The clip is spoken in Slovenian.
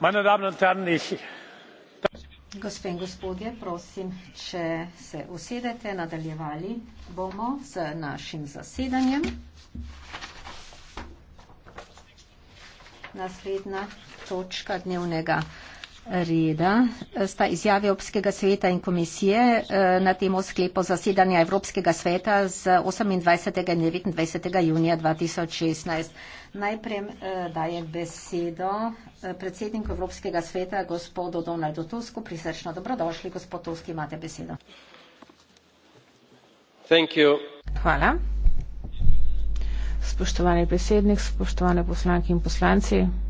meine damen und herren ich Gospe in gospodje, prosim, če se usedete, nadaljevali bomo z našim zasedanjem. Naslednja točka dnevnega reda reda sta izjave Evropskega sveta in komisije eh, na temo sklepo zasedanja Evropskega sveta z 28. in 29. junija 2016. Najprej eh, daje besedo eh, predsedniku Evropskega sveta, gospodu Donaldu Tusku. Prisrčno dobrodošli, gospod Tusk, imate besedo. Hvala. Spoštovani predsednik, spoštovane poslanke in poslanci.